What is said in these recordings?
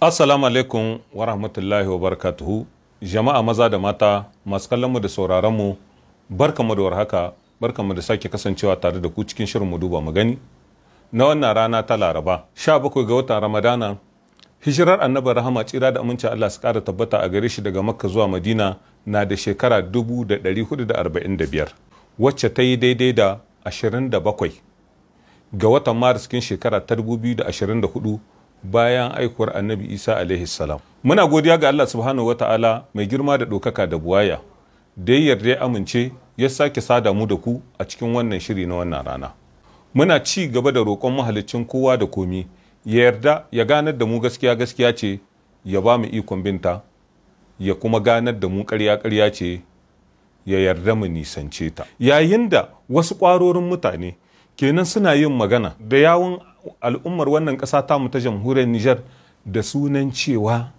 Assalamu alaikum wa rahmatullahi wa barakatuhu jama'a maza da mata masu kallonmu da sauraronmu barkanmu da warhaka barkanmu da sake kasancewa tare da ku cikin shirin mu duba mu gani na wannan rana ta laraba 17 ga watan ramadana hijirar annabi rahama tsira da aminci Allah su kara tabbata a gare shi daga makka zuwa madina na da shekara 1445 wacce ta yi daidai da 27 ga watan maris kin shekara ta 2024 bayan aikuwar annabi isa alaihi salam muna godiya ga allah subhanahu ta'ala mai girma da ɗaukaka da buwaya da ya yarda ya amince ya sake sada mu da ku a cikin wannan shiri na wannan rana muna ci gaba da roƙon mahalicin kowa da komi ya yarda ya ganar da mu gaskiya gaskiya ce ya ba mu ikon binta ya kuma ganar da mu karya karya ce ya yarda mu nisance ta yayin da wasu ƙwarorin mutane kenan suna yin magana da yawon al'ummar wannan ƙasa tamu ta jamhuriyar Nijar da sunan cewa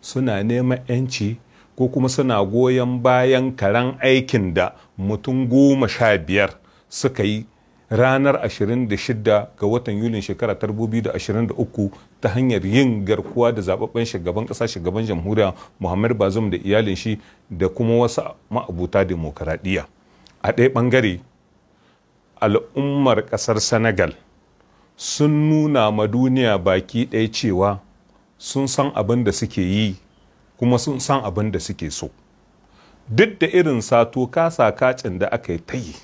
suna neman 'yanci ko kuma suna goyon bayan karan aikin da mutum goma sha biyar suka yi ranar 26 ga watan yulin shekara 2023 ta hanyar yin garkuwa da zababben shugaban ƙasa, shugaban jamhuriya muhammad bazum da iyalin shi da kuma wasu ma'abuta demokaradiyya a ɗaya ɓangare al'ummar ƙasar senegal sun nuna ma duniya baki ɗaya cewa sun san abin da suke yi kuma sun san abin da suke so duk da irin sato kasa kacin da aka yi ta yi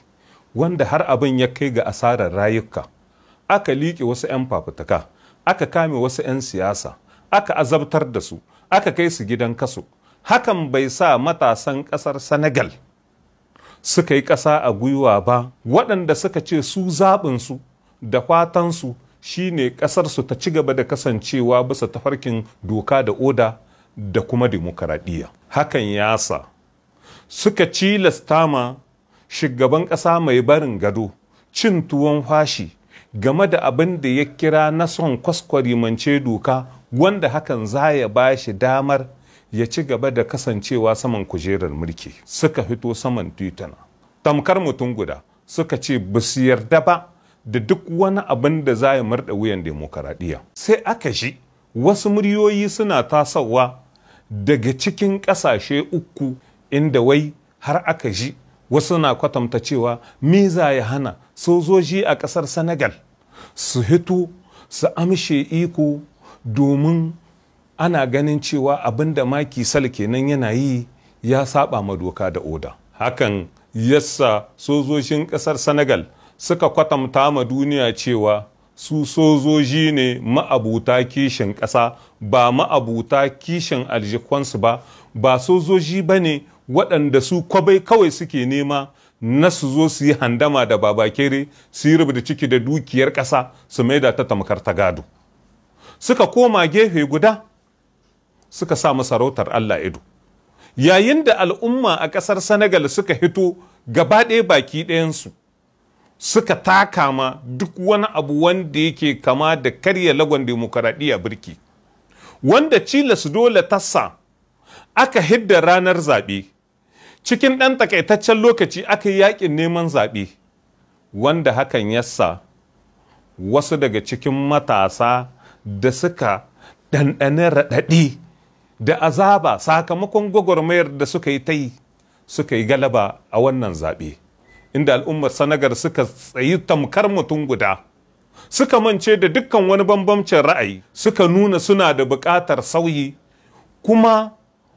wanda har abin ya kai ga asarar rayuka aka liƙe wasu 'yan fafutuka aka kame wasu 'yan siyasa aka azabtar da su aka kai su gidan kaso hakan bai sa matasan ƙasar senegal suka yi ƙasa a gwiwa ba waɗanda suka ce su zaɓinsu da fatansu shine ƙasarsu ta ci gaba da kasancewa bisa tafarkin doka da oda da kuma demokaradiyya hakan yasa suka cilasta ma shugaban ƙasa mai barin gado cin tuwon fashi game da abin da ya kira na son kwaskwarimance doka wanda hakan za ya ba shi damar ya ci gaba da kasancewa saman kujerar mulki suka fito saman tituna tamkar mutum guda suka ce ba su yarda ba da duk wani abin da za ya marɗa wuyan demokaradiyya sai aka shi wasu muryoyi suna tasowa daga cikin ƙasashe uku inda wai har aka ji wasu na kwatanta cewa me ya hana sojoji a ƙasar senegal su hito su amshe iko domin ana ganin cewa abin da maki sal kenan yana yi ya saba ma doka da oda hakan yasa sojojin ƙasar senegal suka kwatanta ma duniya cewa su sojoji ne ma'abuta kishin ƙasa ba ma'abuta kishin aljikwansu ba ba sojoji ba ne waɗanda su kwabai kawai suke nema na su zo su yi handama da babakere su yi rubuta ciki da dukiyar ƙasa su mai da ta tamkar ta gado suka koma gefe guda suka sa masarautar Allah ido yayin da al'umma a ƙasar Senegal suka hito gaba ɗaya baki ɗayansu suka taka ma duk wani abu wanda yake kama da karya lagon demokaradiyya birki wanda cilas dole tassa aka hidda ranar zaɓe cikin ɗan takaitaccen lokaci aka yi yaƙin neman zaɓe wanda hakan yasa wasu daga cikin matasa da suka ɗanɗane raɗaɗi da azaba sakamakon gwagwarmayar da suka yi ta yi suka yi galaba a wannan zaɓe. inda al'ummar sanagar suka tsayi tamkar mutum guda suka mance da dukkan wani bambamcin ra'ayi suka nuna suna da buƙatar sauyi kuma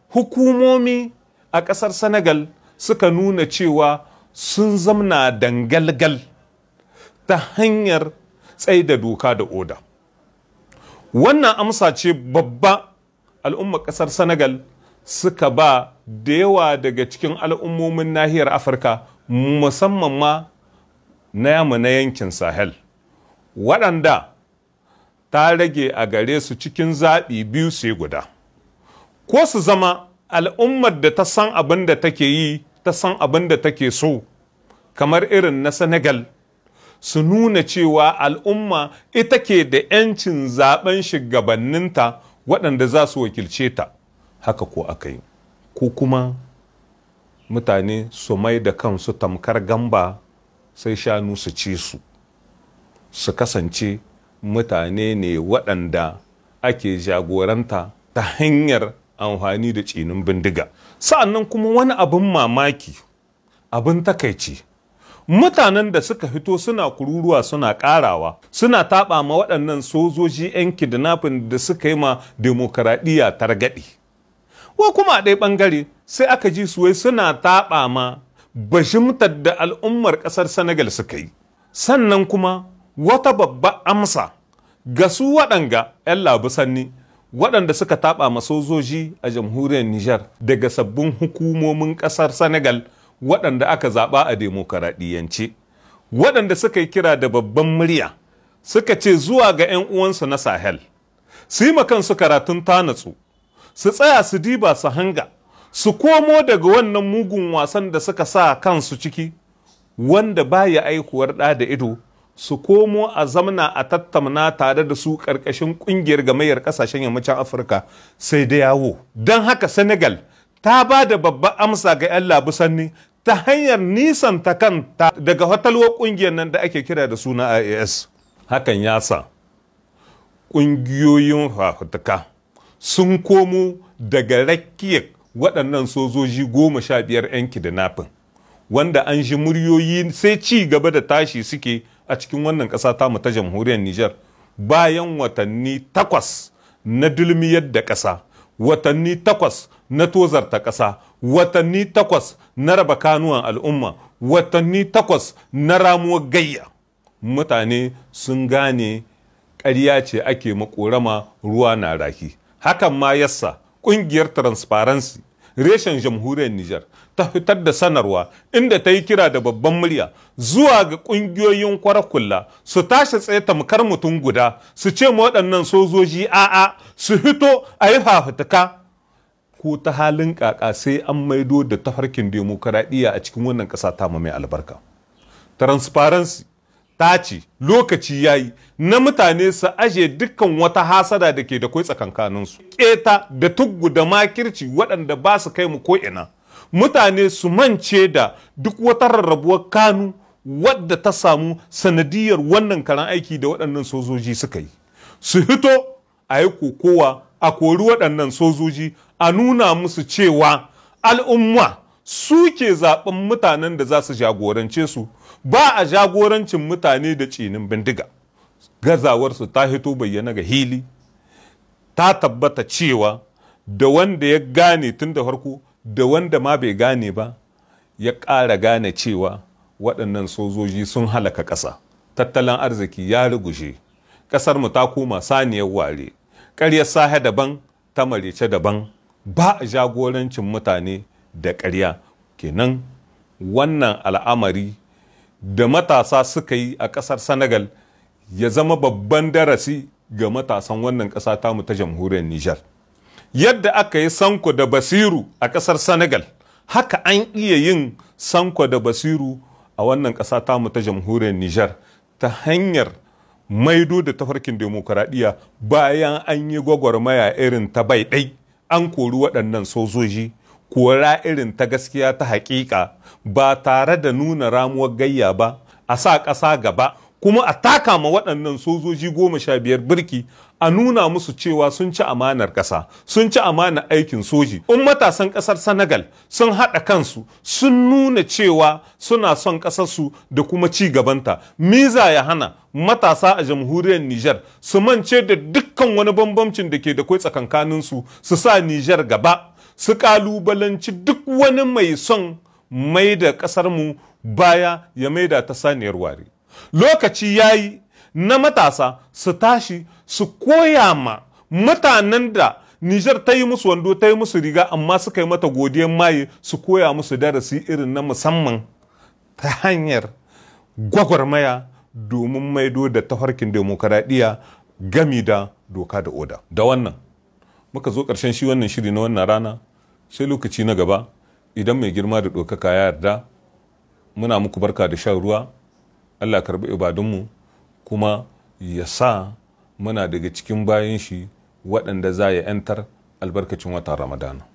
hukumomi a ƙasar senegal suka nuna cewa sun zamna dangalgal ta hanyar tsai da doka da oda wannan amsa ce babba al'ummar ƙasar senegal suka ba da yawa daga cikin al'ummomin nahiyar afirka musamman ma na yamma na yankin sahel waɗanda ta rage a gare su cikin zaɓi biyu sai guda ko su zama al'ummar da ta san abin da take yi ta san abin da take so kamar irin na senegal su nuna cewa al'umma ita ke da 'yancin zaben shugabanninta waɗanda za su wakilce ta haka ko aka yi ko kuma mutane su mai da kansu tamkar gamba sai shanu su ci su su kasance mutane ne waɗanda ake jagoranta ta hanyar amfani da tsinin bindiga sa'annan kuma wani abin mamaki abin takaici mutanen da suka fito suna kururuwa suna karawa suna taɓa ma waɗannan sojoji 'yan kidnapping da suka yi ma dimokuraɗiyya targaɗe ko kuma a ɗaya ɓangare sai aka ji su suna taɓa ma bashimtar da al'ummar ƙasar senegal suka yi sannan kuma wata babba amsa ga su waɗanga 'yan labusanni waɗanda suka taɓa ma sojoji a jamhuriyar nijar daga sabbin hukumomin ƙasar senegal waɗanda aka zaɓa a demokaradiyance waɗanda suka yi kira da babban murya suka ce zuwa ga 'yan uwansu na sahel su yi kansu karatun tanatsu su tsaya su diba su hanga su komo daga wannan mugun wasan da suka sa kansu ciki wanda baya aikuwar ɗa da ido su komo a zamna a tattamna tare da su ƙarƙashin ƙungiyar gamayyar ƙasashen yammacin afirka sai da yawo don haka senegal ta ba da babban amsa ga 'yan labusanni ta hanyar nisan nisanta kanta daga hotalwar ƙungiyar nan da ake kira da suna ias hakan ya sa ƙungiyoyin fafutuka sun komo daga rakiyar waɗannan sojoji goma sha biyar da nafin wanda an ji muryoyi sai ci gaba da tashi suke a cikin wannan ƙasa tamu ta jamhuriyar Nijar bayan watanni takwas na dulmiyar da ƙasa watanni takwas na tozarta ƙasa watanni takwas na raba kanuwan al'umma watanni takwas na ramuwar gayya mutane sun gane ƙarya ce ake makorama ruwa na raki hakan ma yasa kungiyar transparency reshen jamhuriyar Nijar ta fitar da sanarwa inda ta yi kira da babban murya zuwa ga ƙungiyoyin kwarakulla su tashi tsaye tamkar mutum guda su ce waɗannan sojoji a'a su hito a yi fafutuka ko ta halin kaka sai an maido da tafarkin demokuraɗiyya a cikin wannan ƙasa ta mai albarka transparency ta ce lokaci ya yi na mutane su aje dukkan wata hasada da ke da kwai tsakankaninsu keta da tuggu da makirci waɗanda ba su kai mu ko'ina mutane su mance da duk wata rarrabuwar kanu wadda ta samu sanadiyar wannan karan aiki da waɗannan sojoji suka yi su hito a yi kokowa a kori waɗannan sojoji a nuna musu cewa al'umma suke zaɓen mutanen da za su jagorance su ba a jagorancin mutane da cinin bindiga gazawarsu ta hito bayyana ga hili ta tabbata cewa da wanda ya gane tun da farko da wanda ma bai gane ba ya ƙara gane cewa waɗannan sojoji sun halaka ƙasa tattalin arziki ya rugushe ƙasar mu ta koma saniyar ware ƙaryar sahe daban ta marece daban ba a jagorancin mutane da ƙarya kenan wannan al'amari da matasa suka yi a ƙasar senegal ya zama babban darasi ga matasan wannan ƙasa tamu ta jamhuriyar nijar yadda aka yi sanko da basiru a ƙasar senegal haka an iya yin sanko da basiru a wannan ƙasa tamu ta jamhuriyar nijar ta hanyar maido da tafarkin demokuraɗiyya bayan an yi gwagwarmaya irin ta bai ɗai an kori waɗannan sojoji kora irin ta gaskiya ta haƙiƙa ba tare da nuna ramuwar gayya ba a sa ƙasa gaba kuma a taka ma waɗannan sojoji goma sha biyar birki a nuna musu cewa sun ci amanar ƙasa sun ci amanar aikin soji Un matasan ƙasar senegal sun haɗa kansu sun nuna cewa suna son ƙasarsu da kuma ci gabanta miza ya hana matasa a jamhuriyar niger su mance da dukkan wani bambamcin da ke da kwai tsakankaninsu su sa niger gaba su kalubalanci duk wani mai son mai da ƙasarmu baya ya maida ta saniyar ware lokaci ya yi na matasa su tashi su koya ma mutanen da Nijar ta yi musu wando ta yi musu riga amma suka yi mata godiyar maye su koya musu darasi irin na musamman ta hanyar gwagwarmaya domin maido da tafarkin demokaradiyya gami da doka da oda. Da wannan muka zo ƙarshen shi wannan shiri na wannan rana sai lokaci na gaba idan mai girma da ɗaukaka ya yarda muna muku barka da shan ruwa allah karɓi ibadunmu kuma ya sa muna daga cikin bayan shi waɗanda za ya 'yantar albarkacin watan ramadana